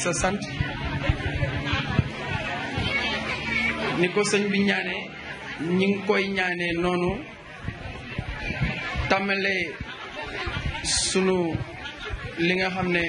sa sant ni ko sëñ bi ñaanee ñi ngi koy ñaanee noonu tàmmale sunu li nga xam ne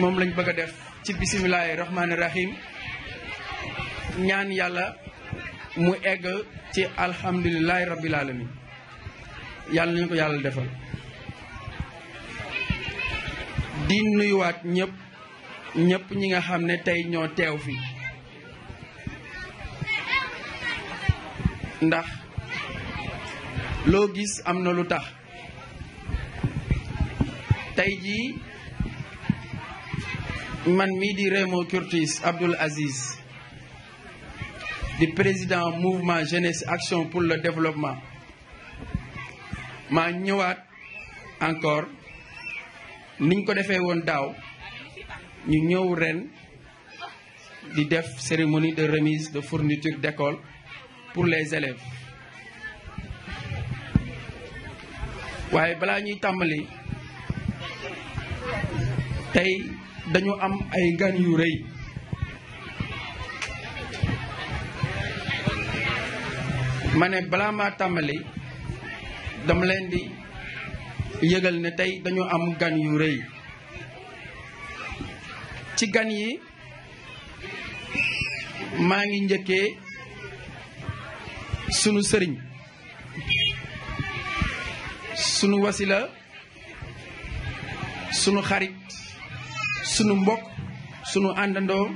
moom lañ bëgg a def ci bisimilahi rahmaani rahim ñaan yàlla mu egg ci alhamdulilahi rabbil alamin yàlla nañu ko yàlla defal di nuyuwaat ñëpp ñépp ñi nga xam ne tey ñoo teew fi ndax loo gis am na lu tax tey jii man mii di Raymond Curtis Abdoul Aziz di président mouvement jeunesse action pour le développement maa ñëwaat encore niñ ko defee woon daaw ñu ñëw ren di def cérémonie de remise de fourniture d'école pour les élèves waaye balaa ñuy tàmbali tey dañu am ay gan yu rëy ma ne balaa maa tàmbali dama leen di yëgal ne tey dañu am gan yu rëy ci gan yi maa ngi njëkkee sunu sëriñ sunu wasila sunu xarit sunu mbokk sunu àndandoo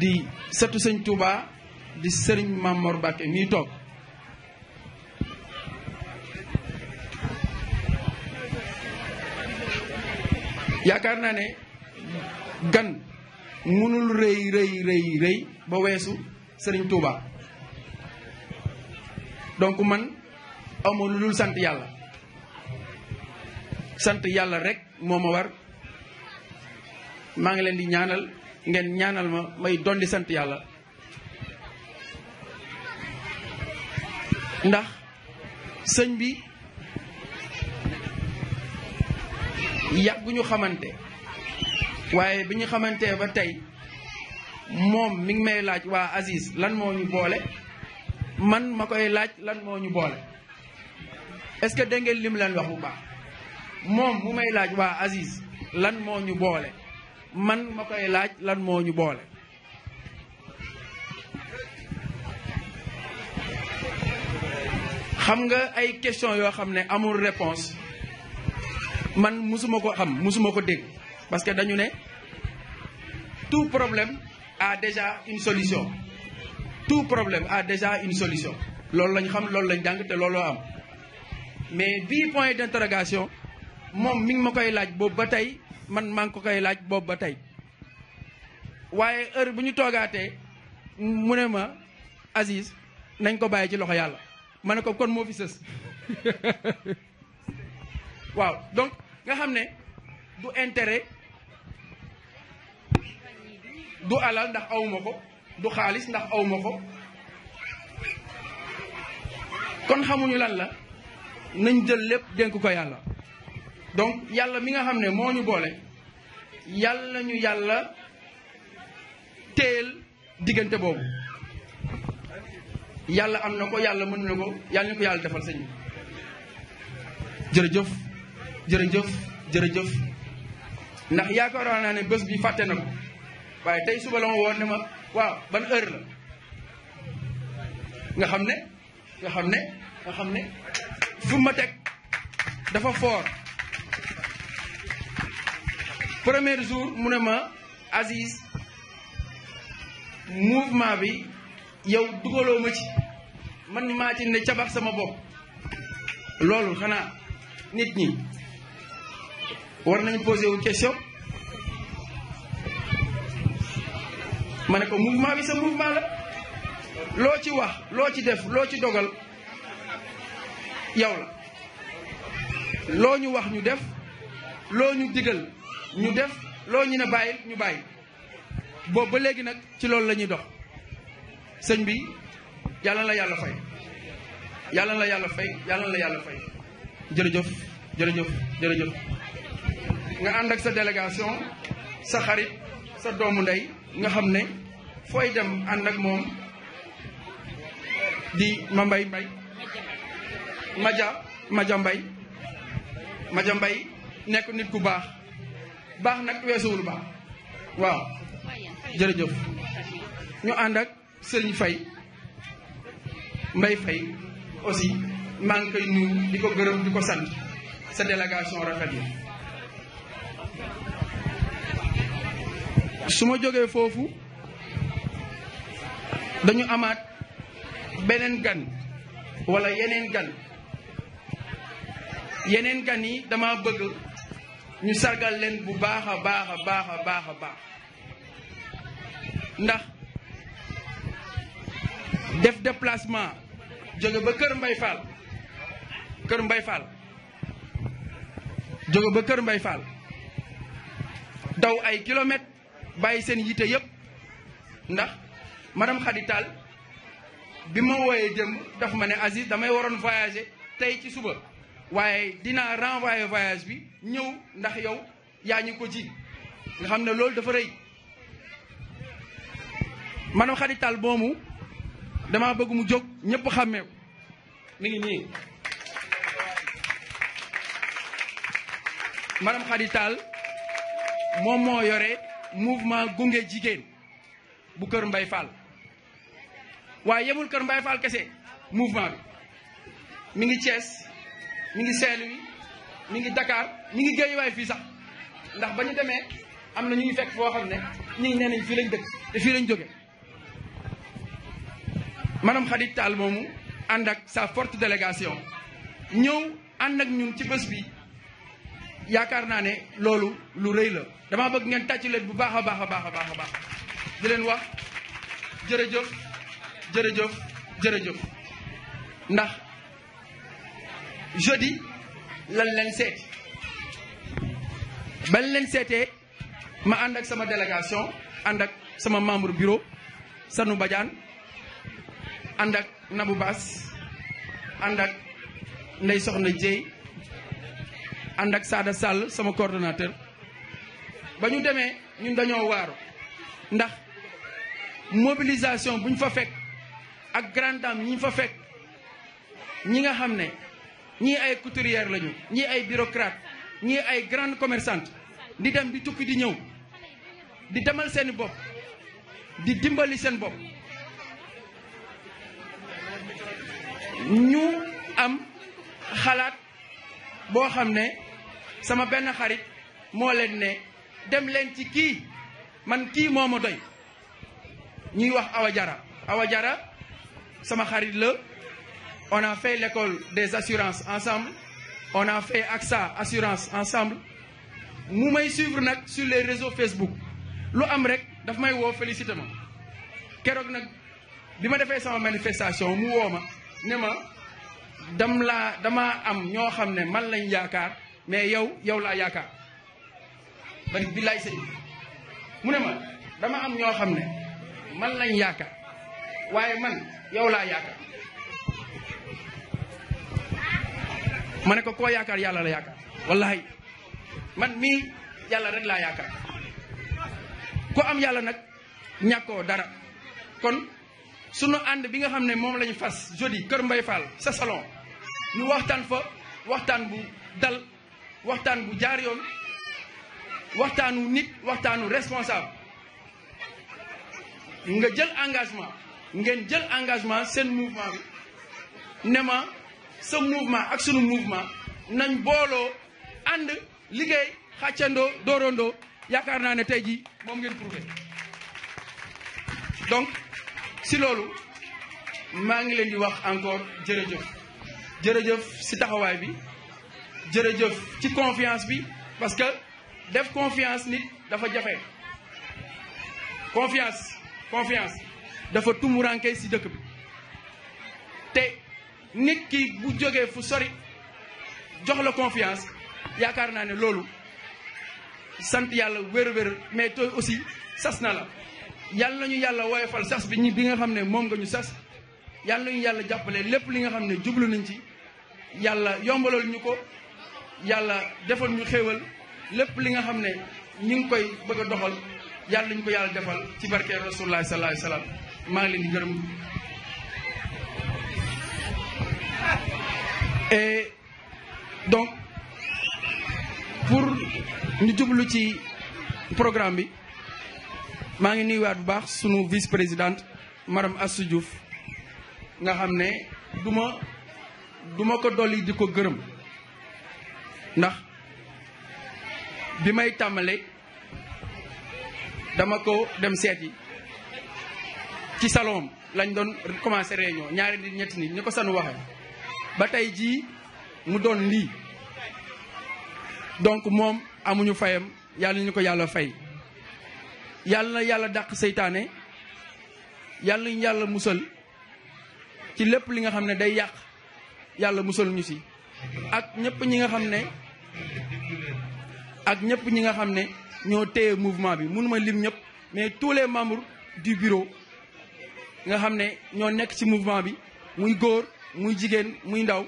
di sëtu sëñ Touba di sëriñ Mamor Bakke mii toog yaakaar naa ne gan mënul rëy rëy rëy rëy ba weesu Serigne Touba donc man awma lu dul sant yàlla sant yàlla rekk moo ma war maa ngi leen di ñaanal ngeen ñaanal ma may dondi sant yàlla ndax sëñ bi yàgguñu xamante waaye bi ñu xamantee ba tey moom mi ngi may laaj waa Aziz lan moo ñu boole man ma koy laaj lan moo ñu boole est-ce que dégg ngeen lim leen wax bu baax moom mu may laaj waa Aziz lan moo ñu boole man ma koy laaj lan moo ñu boole. xam nga ay question yoo xam ne amul réponse man mosuma ko xam mosuma ko dégg. parce que dañu ne tout problème a déjà une solution tout problème a déjà une solution loolu lañ xam loolu lañ jàng te looloo am mais bii point d'interrogation moom mi ngi ma koy laaj boobu ba tey man maa ngi ko koy laaj boobu ba tey waaye heure bu ñu toogaatee ma Aziz nañ ko bàyyi ci loxo yàlla ma ne ko kon moo fi sës waaw donc nga xam ne du intérêt du alal ndax awma ko du xaalis ndax awma ko kon xamuñu lan la nañ jël lépp dénk ko yàlla donc yàlla mi nga xam ne moo ñu boole yàlla nañu yàlla téel diggante boobu yàlla am na ko yàlla mën na ko yàlla ñu ko yàlla defal sëñ bi jërëjëf jërëjëf jërëjëf ndax yaakaaroon naa ne bés bi fàtte na ko waaye tey suba la ma woon ne ma waaw ban heure la nga xam ne nga xam ne nga xam ne fu ma teg dafa fort première jour mu ne ma Aziz mouvement bi yow dugaloo ma ci man maa ci ne cabax sama bopp loolu xanaa nit ñi war nañu posé wu question mané ko mouvement bi sa mouvement la lo ci wax lo ci def lo ci dogal yaw la lo ñu wax ñu def lo ñu diggal ñu def lo ñu na bayil ñu bàyyi bo ba légui nak ci lool lañuy dox señ bi yalla la yalla fay yalla la yalla fay yalla la yalla fay jërëjëf jërëjëf jërëjëf nga and ak sa délégation sa xarit sa doomu ndey nga xam fooy dem ànd ak moom di ma mbay mbay maja maja mbay maja mbay nekk nit ku baax baax nag weesuwul baax waaw jërëjëf ñu ànd ak sëriñ fay mbay fay aussi maa ngi koy nuyu di ko gërëm di ko sant sa délégation rafet na su ma jógee foofu dañu amaat beneen gan wala yeneen gan yeneen gan yi dama bëgg ñu sargal leen bu baax a baax a baax a baax a baax ndax def déplacement jóge ba kër Mbay Fall kër Mbay Fall jóge ba kër Mbay Fall daw ay kilomètres bàyyi seen yite yépp ndax madame Khady Tall bi ma wooyee jëm daf ma ne Aziz damay waroon voyager tey ci suba waaye dinaa renvoyer voyage bi ñëw ndax yow yaa ñu ko ji nga xam ne loolu dafa rëy madame Khady Tall boomu dama bëgg mu jóg ñépp xàmmee mi ngi nii madame Khady Tall moom moo yore mouvement gunge jigéen bu kër Mbay Fall waaye yemul kër Mbaye Fall kese mouvement bi mi ngi Thiès mi ngi Saint-Louis mi ngi Dakar mi ngi Guédiawaye fii sax ndax bañu demee am na ñu ngi fekk foo xam ne ñu ngi nee fii lañ dëkk te fii lañ jóge maanaam Khady Tall moomu ànd ak sa forte délégation ñëw ànd ak ñun ci bés bi yaakaar naa ne loolu lu rëy la damaa bëgg ngeen tàcc leen bu baax a baax a baax a baax a baax di leen wax jërëjëf jërëjëf jërëjëf ndax jeudi lan leen seet ban leen seetee ma ànd ak sama délégation ànd ak sama membre bureau Sanu badian ànd ak Nabou Bass ànd ak Ndey Soxna Dieye ànd ak Sada Sall sama coordonnateur ba ñu demee ñun dañoo waaru ndax mobilisation buñ fa fekk ak grand dame ñi fa fekk ñi nga xam ne ñii ay couturière lañu ñii ay bureaucrate ñii ay grande commerçante di dem di tukki di ñëw di demal seen di dimbali seen ñu am xalaat bo xam sama benn xarit mo leen ne dem leen ci kii man doy ñuy wax awajara sama xarit la on a fait l'école des assurances ensemble on a fait AXA assurance ensemble mu may suivre nak sur les réseaux Facebook lu am rek daf may wo félicité ma keroog nag bi ma sama manifestation mu woo ma Néma. ma dam laa damaa am ño xamné ne man lañ yaakaar mais yow yow la yaakaar bari billahi sëñ mu ne ma dama am ño xamné ne man lañ yaakaar waye man yow la yaakaar mané ko ko koo yalla la yaakaar wallahi man mi yalla rek la yaakaar ko am yalla nak ñako dara kon suñu and bi nga xamné mom lañu fas jodi keur Mbay Fall sa salon ñu waxtan fa waxtan bu dal waxtan bu jaar yoon waxtanu nit waxtanu responsable nga jël engagement ngeen jël engagement seen mouvement bi ne ma sa mouvement ak sunu mouvement nañ booloo ànd liggéey xàccandoo doorandoo yaakaar naa ne tey jii moom ngeen prouvé donc si loolu maa ngi leen di wax encore jërëjëf jërëjëf si taxawaay bi jërëjëf ci confiance bi parce que def confiance nit dafa jafe confiance confiance dafa tumuranke si dëkk bi te nit ki bu jógee fu sori jox la confiance yaakaar naa ne loolu sant yàlla wér-wér mais tooy aussi sas na la yàlla nañu yàlla woyofal sas bi ñi bi nga xam ne moom nga ñu sas yàlla nañu yàlla jàppale lépp li nga xam ne jublu nañ ci yàlla yombalal ñu ko yàlla defal ñu xéewal lépp li nga xam ne ñu ngi koy bëgg a doxal yàlla ñu ko yàlla defal ci barke rasulullah sallallahu alayhi wa maa ngi leen di gërëm et donc pour ñu jublu ci programme bi maa ngi nuyuwaat bu baax sunu vice présidente madame Assou Diouf nga xam ne duma duma ko dolli di ko gërëm ndax bi may tàmbalee dama ko dem seet yi ci salon lañ doon commencé ñoo ñaari nit ñetti nit ñu ko sanu waxee ba tey jii mu doon lii donc moom amuñu fayam yàlla ñu ko yàlla fay yàlla yàlla dàq seytaane yàlla ñu yàlla musal ci lépp li nga xam ne day yàq yàlla musal ñu si ak ñëpp ñi nga xam ne ak ñëpp ñi nga xam ne ñoo téye mouvement bi mënuma lim ñëpp mais tous les membres du bureau nga xam ne ñoo nekk ci mouvement bi muy góor muy jigéen muy ndaw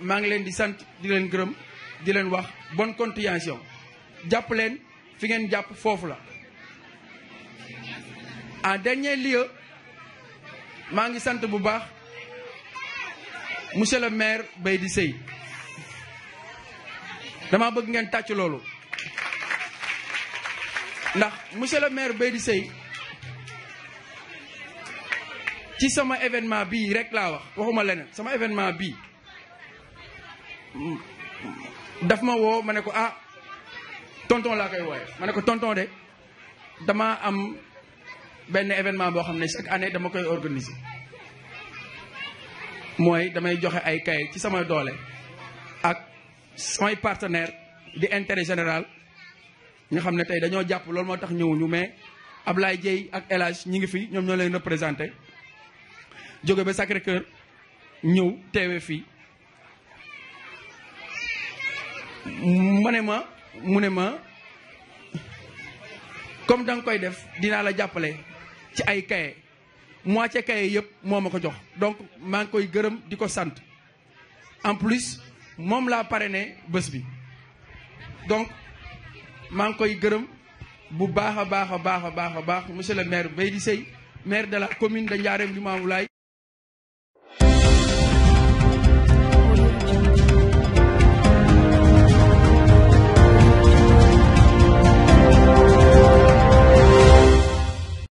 maa ngi leen di sant di leen gërëm di leen wax bon continuation jàpp leen fi ngeen jàpp foofu la en dernier lieu maa ngi sant bu baax monsieur le maire di Sèye dama bëgg ngeen tàcc loolu ndax monsieur le maire di Sèye ci sama événement bii rek laa wax waxuma leneen sama événement bii daf ma woo ma ne ko ah tonton laa koy wooye ma ne ko tonton de dama am benn événement boo xam ne chaque année dama koy organiser mooy damay joxe ay kay ci sama doole ak samay partenaire di intérêt général ñu xam ne tey dañoo jàpp loolu moo tax ñëwuñu mais ab Ablaye Dieye ak El Hadj ñi ngi fi ñoom ñoo leen représenté Je ba Sacré Cœur comme la donc en plus la parrainé donc ma bu monsieur le maire maire de la commune de du